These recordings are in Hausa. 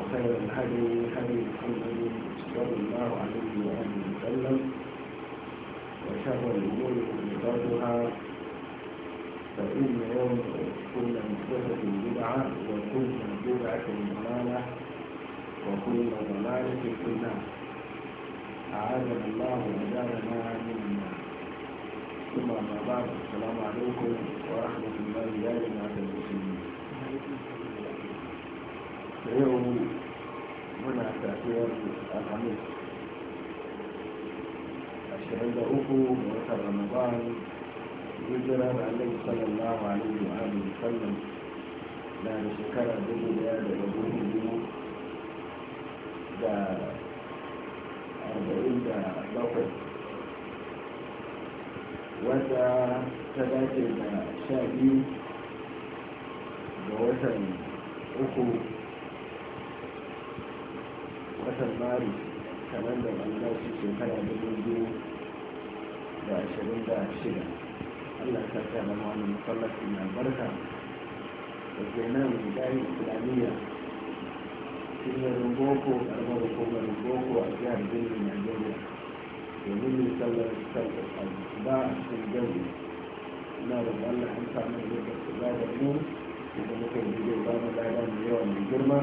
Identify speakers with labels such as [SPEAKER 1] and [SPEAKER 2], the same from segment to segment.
[SPEAKER 1] وخير الهدي هدي محمد صلى الله عليه وآله وسلم وشر الأمور مقدارها فإن يوم كل محدثة بدعة وكل بدعة ضلالة وكل ضلالة في النار أعاذنا الله وأجارنا من النار ثم أما بعد السلام عليكم ورحمة الله وبركاته المسلمين تأثير الخميس عشرين دقوقه ووتر رمضان يجرى مع النبي صلى الله عليه وآله وسلم لا نشكر به لأبوه اليوم له arba'in أربعين bakwai wata ta dace da sha biyu ga watan watan maris kalandar albashi shekara dubu biyu da ashirin da shida allah ta sa da mawani musallaci na barka da ke nan dayin islamiyya cikin boko karamar hukumar boko a jihar birnin najeriya domin yin sallar sallar ba a cikin jami'a na roƙon allah an samu da ba da mu idan muka yi zai ba mu lada mai yawa mai girma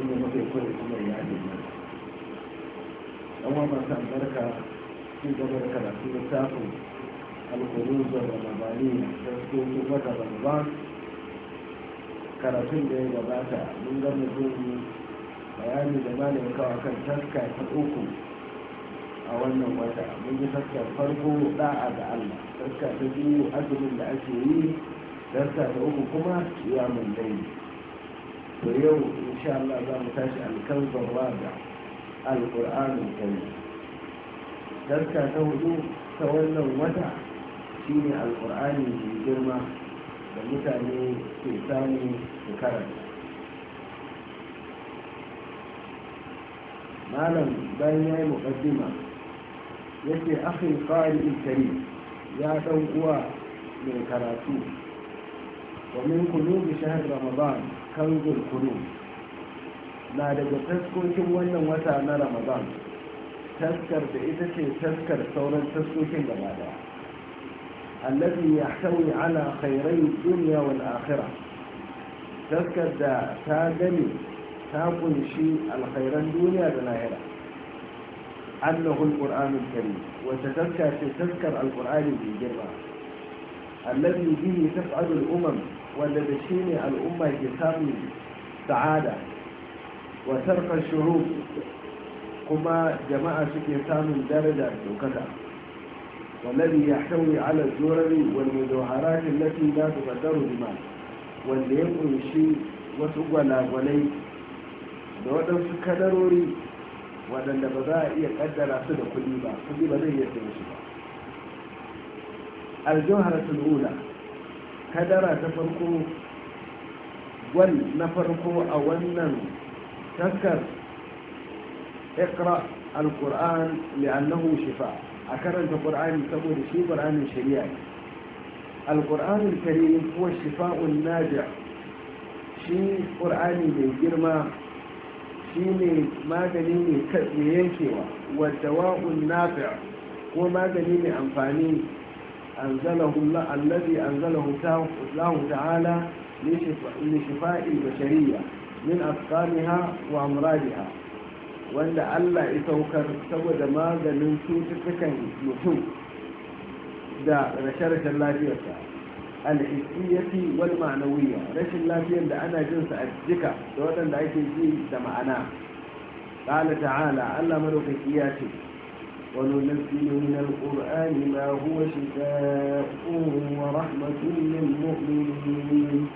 [SPEAKER 1] inda muka yi kawai kuma ya yi ne an masu albarka sun gaba da karatu littafin alkulun da ramadani da su wata ramadan karatun da ya gabata mun ga mutum bayani da malamin kawo kan taska ta uku a wannan wata mun yi taska farko da'a da allah taska ta biyu azumin da ake yi taska ta uku kuma ya mun daidai to yau insha Allah za mu tashi alkalbar da alƙur'ani kai darka ta hudu ta wannan wata shine alƙur'ani mai girma da mutane ke samu su karanta malam bayan ya yi muƙaddima ya ce akhil ƙari kari ya ɗan uwa mai karatu ومن قلوب شهر رمضان kanzul kudu na daga taskokin wannan wata na ramadan taskar da ita ce taskar sauran taskokin gaba daya allazi yahtawi ala khairai dunya wal akhirah taskar da ta gani ta kunshi alkhairan duniya da lahira أنه القرآن الكريم وتتذكر في تذكر القرآن بالجرة الذي به تفعل الأمم wanda da shi ne al'umma ke samun sa'ada wa tarkar kuma jama'a suke samun daraja daukaka wallabi ya hauri ala zurari wani zoharatin lafi za su fadaru lima wanda ya kunshi wasu gwalagwalai da waɗansu kadarori waɗanda ba za a iya ƙaddara su da kuɗi ba kuɗi ba zai iya sayi su Al'juhar sun kadara ta farko gwal na farko a wannan taskar ikra al-qur'an li'annahu shifa a karanta qur'ani saboda shi qur'anin shari'a ne al-qur'an al-karim huwa shifa'un shi qur'ani mai girma shi ne magani ne yankewa wa dawa'un ko magani mai amfani أنزله الله الذي أنزله الله تعالى لشفاء البشرية من أسقامها وأمراضها وأن الله يتوكر سوى ما من سوتك mutum da rashe-rashen lafiyarsa alhissiyati wal ma'anawiyya rashin lafiyar da ana jin sa a jika da waɗanda ake ji da ma'ana qala ta'ala Allah madaukaki ya ce وننزل من القرآن ما هو شفاء ورحمة للمؤمنين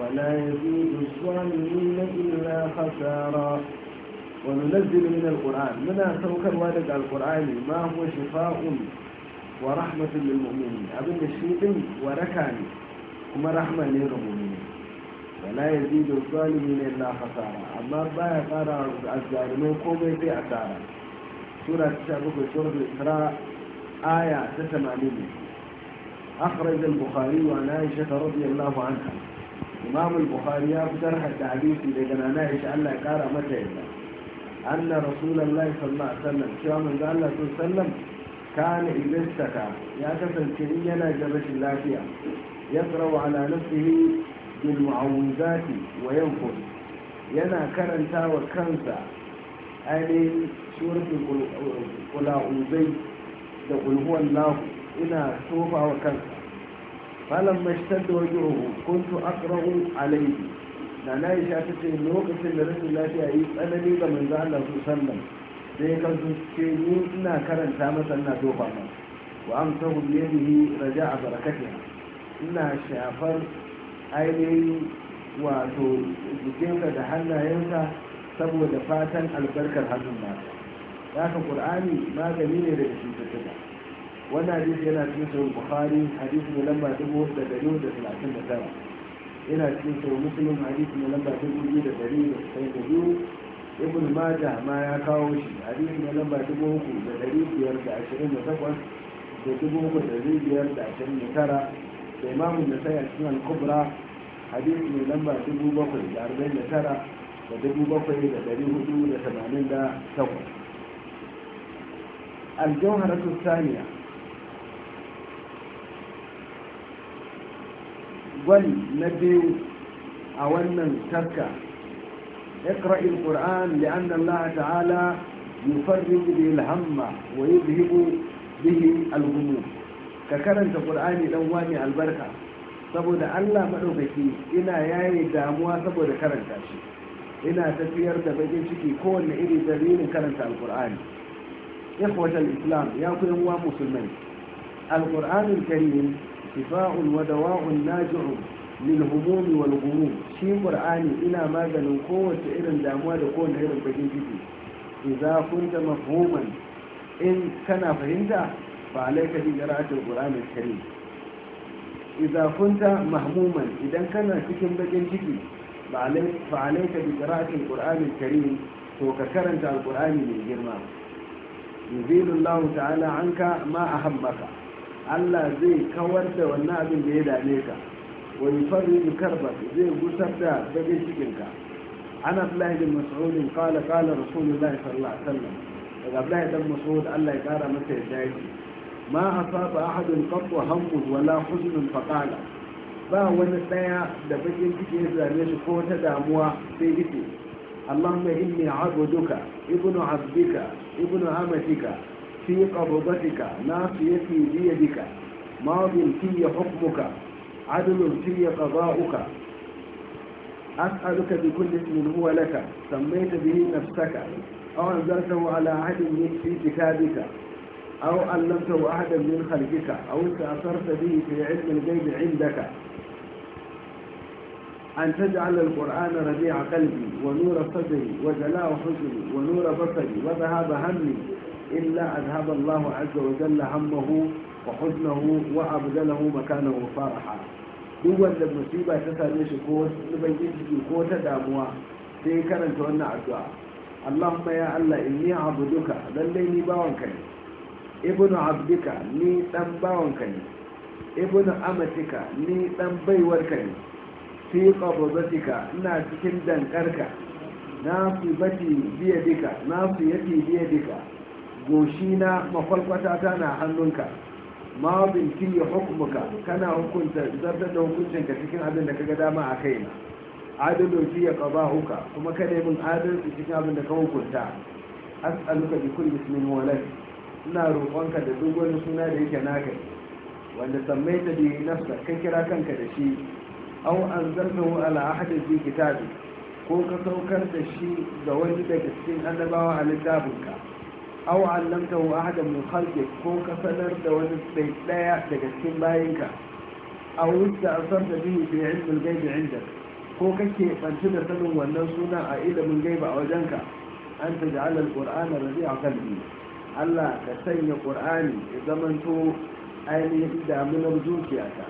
[SPEAKER 1] ولا يزيد الظالمين إلا خسارا وننزل من القرآن منا سوكر على القرآن ما هو شفاء ورحمة للمؤمنين أبن الشيطان وركان كما رحمة للمؤمنين ولا يزيد الظالمين إلا خسارا أما بايا قارا الظالمين قومي في أسارا سورة 17 سورة الإسراء آية 80 أخرج البخاري عن عائشة رضي الله عنها إمام البخاري أفترح التعديث لجنان عائشة ألا كار متى أن رسول الله صلى الله عليه وسلم شام قال الله صلى الله عليه وسلم كان إذا استكى يا كفلتنينا جبش اللافية يقرأ على نفسه بالمعوذات وينفذ ينا كرنتا وكنسا أين suratul kula'uzai da kulhuwan lahu ina tofa wa kansa falon mashtar da wajen ruhu kuntu akrahu alaihi na na yi shafi ce lokacin da rashin lafiya yi tsanani ga manzo Allah su sallam sai kan su ce ni ina karanta masa ina tofa ma wa amsahu yi raja a ina shafar ainihin wato jikinka da hannayensa saboda fatan albarkar hannun nasa haka qur'ani magani ne daga cututtuka wannan hadisi yana cikin sahih bukhari hadisi ne lamba 1239 yana cikin sahih musulun, hadisi ne lamba biyu. ibn majah ma ya kawo shi hadisi ne lamba 3528 da biyar da ashirin da sai a cikin al-kubra hadisi ne lamba bakwai da 7488 الجوهرة الثانية gwal na biyu a wannan tarka اقرأ القرآن لأن الله تعالى يفرج به الهم ويذهب به الغموم ككرنت قرآني دواني البركة saboda Allah maɗaukaki ina yaye damuwa saboda karanta shi ina tafiyar da bakin ciki kowanne iri dalilin karanta alkur'ani إخوة الإسلام يا كل مسلمين القرآن الكريم شفاء ودواء ناجع للهموم والغموم شي قرآني إلى ماذا قوة إرن داموا لقوة إرن بجنجي إذا كنت مفهوما إن كان فهمت فعليك بقراءة القرآن الكريم إذا كنت مهموما إذا كان سكن بجنجي فعليك بقراءة القرآن الكريم وككرنت القرآن من جرمه yuzilullahu ta'ala anka ma ahammaka Allah zai kawar da wannan abin da ya dame ka wa yufarriju karbak zai gusar da bakin cikin ka an Abdullahi bin Mas'ud qala qala Rasulullahi sallallahu alaihi wasallam daga Abdullahi dan Mas'ud Allah ya kara masa yadda yake ma asaba ahadun qattu hammun wala huznun faqala ba wani daya da bakin ciki ya zame shi ko ta damuwa sai yake اللهم إني عبدك ابن عبدك ابن عمتك في قبضتك ناصيتي بيدك ماض في حكمك عدل في قضاؤك أسألك بكل اسم هو لك سميت به نفسك أو أنزلته على أحد من في كتابك أو علمته أحدا من خلقك أو استأثرت به في علم الغيب عندك أن تجعل القرآن ربيع قلبي ونور صدري وجلاء حزني ونور بصري وذهاب همي إلا أذهب الله عز وجل همه وحزنه وأبدله مكانه فرحا duk wanda musiba ta same shi ko wasu bakin ko ta damuwa sai ya karanta wannan addu'a Allahumma ya Allah inni abuduka, lallai ni bawanka ne ibnu abdika ni dan bawanka ne ibnu amatika ni dan baiwarka ne fi qabdatika ina cikin dankarka na fi bati dika na fi yati dika goshi na mafalkwata ta na hannunka ma bin fi hukmuka kana hukunta zartar da hukuncinka cikin abin da kaga dama a kaina ya fi huka, kuma kada min adalci cikin abin da ka hukunta as'aluka bi kulli ismin walad ina roƙonka da duk wani suna da yake naka wanda sammaita bi nafsa ka kira kanka da shi aw anzaltahu ala ahadin fi kitabi ko ka saukar da shi ga wani daga cikin annabawa a littafinka aw allamtahu ahadan min khalqik ko ka sanar da wani sai daya daga cikin bayinka aw ista'sarta bihi fi ilmi al-ghaibi 'indak ko kake bantu da sanin wannan suna a ilimin gaiba a wajenka an taj'al al-qur'ana rabi'a qalbi Allah ka sanya qur'ani ya zamanto ainihin damunar zuciyata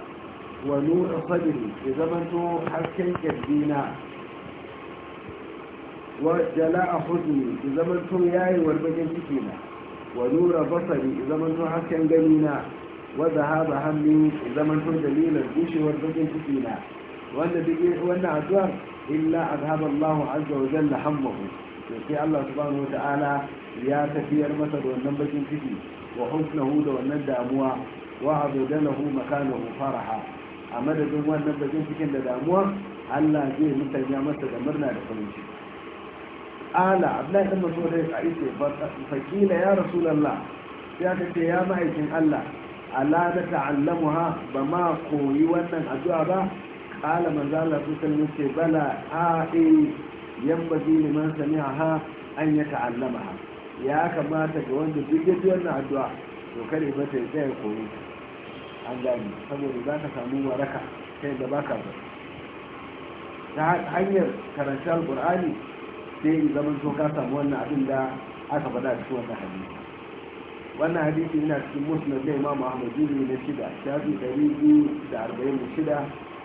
[SPEAKER 1] wa nuna sabiri ya zamanto hasken ƙirgina wa jala a hudu ya zamanto yayewar bakin ciki na wa nura basari ya zamanto hasken gani na wa zahaba hannu ya zamanto dalilar gushewar bakin ciki na wanda duk wannan addu'ar illa azhaba allahu azza wa jalla hammahu to sai Allah subhanahu wa ta'ala ya tafiyar masa da wannan bakin ciki wa husnahu da wannan damuwa wa abu da abdalahu makanahu faraha a madadin wannan bajin cikin da damuwa Allah zai mutu masa da murna da farin ciki ala abdullahi dan maso da ya ce fa kila ya rasulullah ya ka ce ya mahaifin Allah ala da ta'allamuha ba ma koyi wannan addu'a ba qala manzo Allah sallallahu alaihi ce bala a yambaji liman sami'aha an ya ta'allamaha ya kamata ga wanda duk ya wannan addu'a to kare ba ta sai koyi an gani saboda za ka samu waraka ta yadda ba ka ba ta hanyar karanci alkur'ani sai in zaman so ka samu wannan abin da aka faɗa shi wannan hadisi wannan hadisi yana cikin musnad da imam ahmad jiri na shida shafi ɗari biyu da arba'in da shida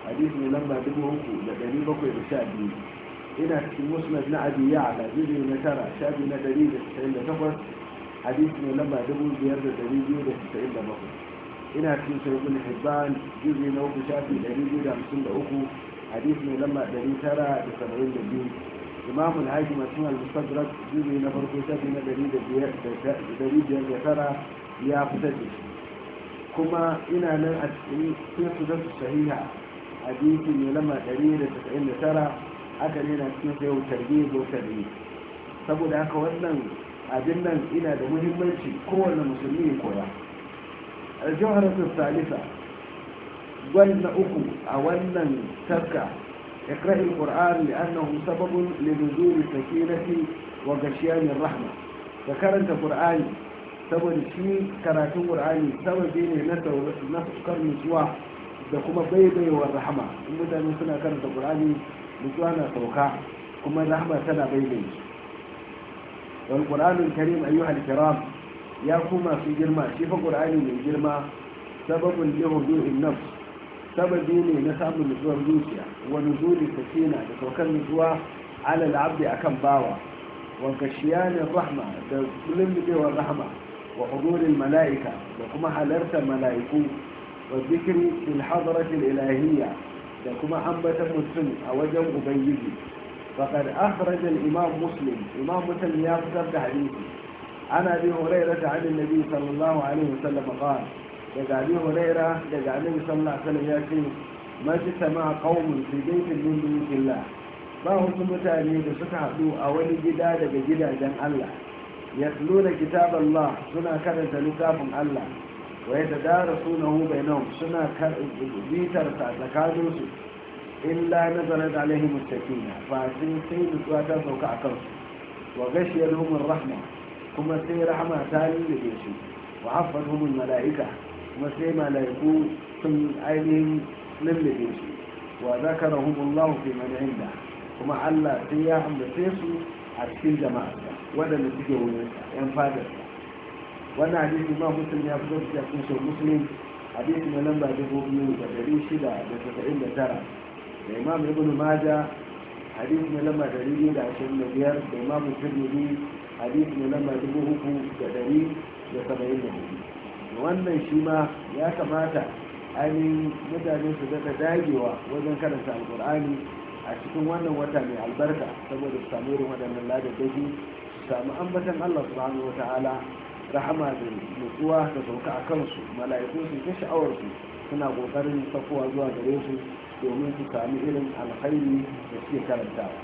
[SPEAKER 1] hadisi ne lamba dubu uku da ɗari bakwai da sha biyu yana cikin musnad na abu abi ya'ala jiri na tara shafi na ɗari da casa'in da takwas hadisi ne lamba dubu biyar da ɗari biyu da casa'in da bakwai ina cikin shirgun hibban jirgin na uku shafi 253 hadisi ne lamma 972 imamu al-hakim a al-mustadrak jirgin na farko shafi na 509 ya fita da shi kuma ina nan a cikin sunan sahiha hadisi ne lamma 199 aka ne na cikin sayo targe zo tarbiyyar saboda haka wannan abin nan ina da muhimmanci kowane musulmi ya koya juharatu salisa na uku a wannan tarka اقرأ القرآن لأنه سبب لنزول السكينة وغشيان الرحمة فكرنت قرآن saboda shi karatun ƙur'ani sababi ne na saukar nutsuwa da kuma baibayewar rahma in mutane suna karanta ƙur'ani nutsuwa na sauka kuma rahma tana baibaye wal ƙur'anun karim ayyuhal kiram ya kuma su girma shi fa qur'ani mai girma sababin lihudu'in nafs sababi ne na samun nutsuwar zuciya wa nuzuli sakina da saukar nutsuwa ala a akan bawa wa ne rahma da lullubewar rahma wa hudurin mala'ika da kuma halartar mala'iku wa zikiri fil hadratil ilahiyya da kuma ambatar mutum a wajen ubangiji faqad akhraj al imam muslim imam muslim ya fitar da hadisi ana bin huraira عن hadin صلى الله عليه وسلم قال da أبي هريرة دقى النبي صلى الله عليه وسلم يأتي ما اجتمع قوم في بيت من بيوت ba wasu mutane da suka haɗu a wani gida daga gidajen Allah ya da kitab Allah suna karanta littafin Allah wa dara suna sunahu bainahum suna bitar sa tsakanin su illa nazarat alaihim mustaqina fa sun sai nutsuwa ta sauka akan su wa gashiyar humur rahma kuma sai rahama ta lullube shi. wa haffatuhum malaika kuma sai malaiku sun ainihin lullube shi. wa zakarahum Allah fi mana inda kuma Allah sai ya ambace su a cikin jama'a waɗanda suke wurin yan fadar wannan hadisi ma Musulmi ya fito da cikin shi muslim hadisi na lamba dubu biyu da dari shida da tasa'in da tara da imam ibn maja hadisi na lamba dari biyu da ashirin da biyar da imam tirmidhi hadisi ne lamba dubu uku da ɗari da saba'in da hudu wannan shi ma ya kamata ainihin mutane su daɗa dagewa wajen karanta alƙur'ani a cikin wannan wata mai albarka saboda su samu irin waɗannan ladadaji su samu ambatan allah subhanahu wa ta'ala rahama da nutsuwa da sauka a kansu mala'iku su ta sha'awar su suna ƙoƙarin sakowa zuwa gare su domin su sami irin alkhairi da suke karantawa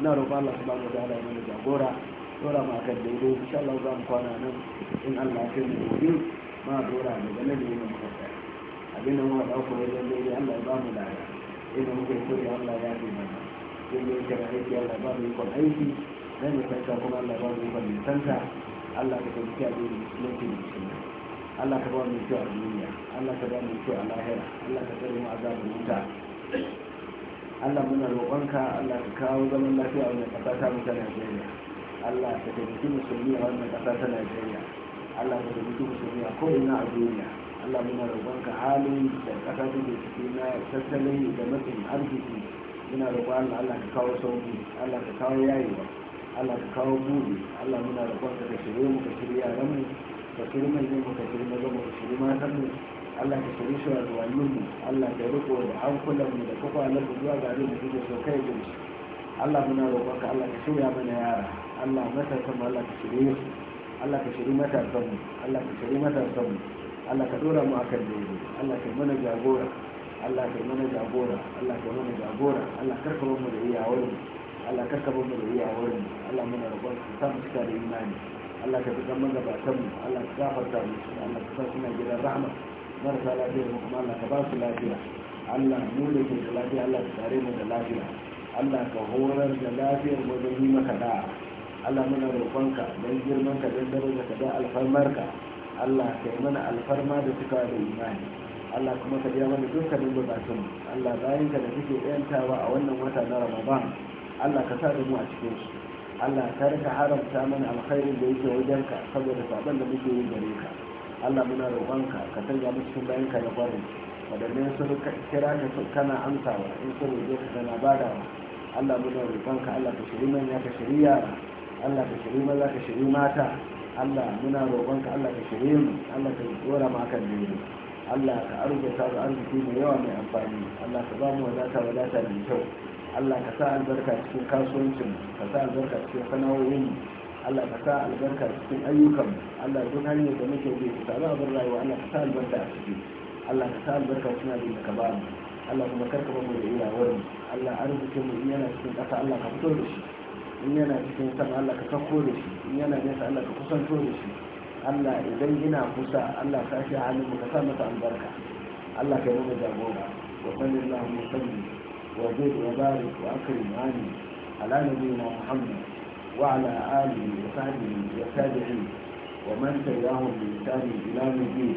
[SPEAKER 1] na roƙon allah subhanahu wa ta'ala ya mana jagora dora ma akan daidai insha Allah za mu kwana nan in Allah ya kai mu gobe ma dora da nan ne mu kasa abin da ku ne da daidai Allah ya ba mu da mu muka yi ya Allah ya ce mana inda yake da ki Allah ya ba mu ikon aiki dan sai ka kuma Allah ya ba mu ikon nisanta Allah ka tafi a cikin muke musulmi Allah ka ba mu kyau a duniya Allah ka ba mu kyau a lahira Allah ka tsare mu azabin wuta Allah muna roƙonka Allah ka kawo zaman lafiya a wannan ƙasa ta mutane a duniya Allah ta taimaki musulmi a wannan ƙasa ta Najeriya Allah ta taimaki musulmi a ko'ina a duniya Allah muna ka halin da ƙasa ta ke ciki na tattalin da matsin arziki muna roƙon Allah Allah ka kawo sauki Allah ka kawo yayewa Allah ka kawo buɗe Allah muna roƙon ka shirye mu ka shirye yaranmu ka shirye manyan mu ka shirye maza mu ka shirye matanmu Allah ka shirye shi wa zuwanninmu Allah ka riƙo da hankulanmu da na zuwa ga abin da kuke so kai da shi Allah muna roƙonka Allah ka shirya mana yara Allah matasan mu Allah ka shirye su Allah ka shirye matasan mu Allah ka shirye matasan mu Allah ka dora mu akan daidai Allah ka mana jagora Allah ka mana jagora Allah ka mana jagora Allah karka mu da iyawar mu Allah karka mu da iyawar mu Allah muna roƙonka ka samu cika da imani Allah ka fitar mana batan mu Allah ka gafarta mu Allah ka sa suna gidan rahma marasa lafiya mu kuma Allah ka ba su lafiya Allah mu da ke da lafiya Allah ka tare mu da lafiya Allah ka horar da lafiyar mu don yi maka da Allah muna roƙonka don girman ka don daraja ka alfarmar ka. Allah ka yi mana alfarma da suka da imani Allah kuma ka biya mana dukkanin bukatun Allah bayan ka da kake yantawa a wannan wata na Ramadan Allah ka sa da mu a cikin su Allah ka rika haramta mana alkhairin da yake ka, saboda sabon da muke yin gare ka Allah muna roƙonka ka canza mu cikin bayan ka na kwarin wadannan sun kira ka kana amsawa in sun roƙe ka kana badawa Allah muna roƙonka Allah ka shiri manya ka shiri yara Allah ka shiri maza ka shiri mata Allah muna roƙonka Allah ka shiri mu Allah ka dora mu akan dole Allah ka arzuta da arziki mai yawa mai amfani Allah ka ba mu wadata wadata mai kyau Allah ka sa albarka cikin kasuwancin ka sa albarka cikin sana'o'in Allah ka sa albarka cikin ayyukan Allah duk hanyar da muke bi ka sa abin rayuwa Allah ka sa albarka a ciki Allah ka sa albarka cikin abin da ka ba mu Allah kuma karka ba mu da iyawar mu Allah an rubuce mu in yana cikin ƙasa Allah ka fito da shi in yana cikin sama Allah ka sauko da shi in yana nesa Allah ka kusanto da shi Allah idan ina kusa Allah ka shi halin mu ka sa masa albarka Allah ka yi mu jagora wa sallallahu wa sallim wa zid wa barik wa akrim ani ala nabiyina Muhammad wa ala alihi wa sahbihi wa tabi'in ومن تبعهم بإحسان إلى الدين